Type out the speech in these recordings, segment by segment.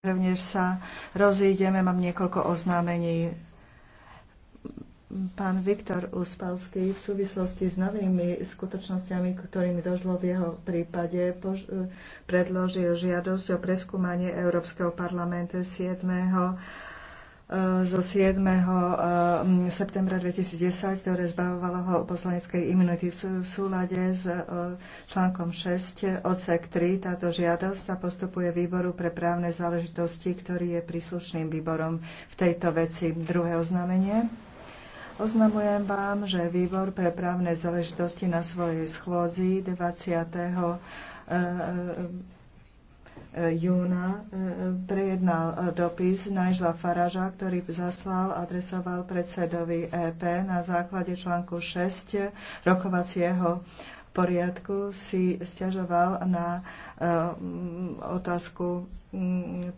Rovnež sa rozídeme, mám niekoľko oznámení. Pán Viktor Uspalský v súvislosti s novými skutočnosťami, ktorými došlo v jeho prípade, predložil žiadosť o preskúmanie Európskeho parlamentu 7. Eh, zo 7. Eh, septembra 2010, ktoré zbavovalo ho poslaneckej imunity v súlade s eh, článkom 6 odsek 3. Táto žiadosť sa postupuje výboru pre právne záležitosti, ktorý je príslušným výborom v tejto veci. Druhé oznámenie. Oznamujem vám, že výbor pre právne záležitosti na svojej schôdzi 20 júna e, e, prejednal e, dopis Najžla Faraža, ktorý zaslal, adresoval predsedovi EP na základe článku 6 rokovacieho poriadku si stiažoval na otázku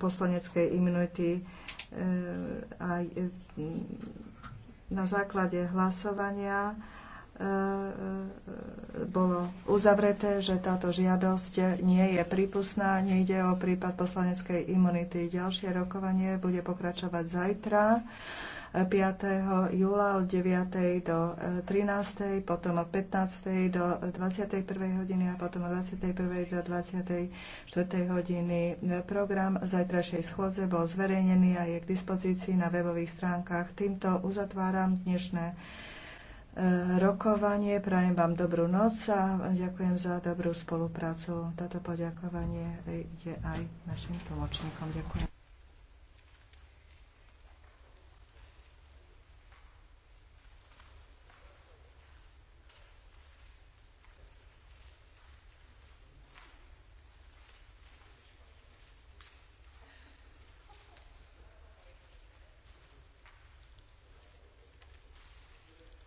poslaneckej imunity a na základe hlasovania E, e, bolo uzavreté, že táto žiadosť nie je prípustná, nejde o prípad poslaneckej imunity. Ďalšie rokovanie bude pokračovať zajtra. 5. E, júla od 9. do 13. potom od 15. do 21. hodiny a potom od 21. do 24. hodiny. Program zajtrajšej schôdze bol zverejnený a je k dispozícii na webových stránkach. Týmto uzatváram dnešné rokovanie. Prajem vám dobrú noc a ďakujem za dobrú spoluprácu. Toto poďakovanie ide aj našim tlmočníkom. Ďakujem.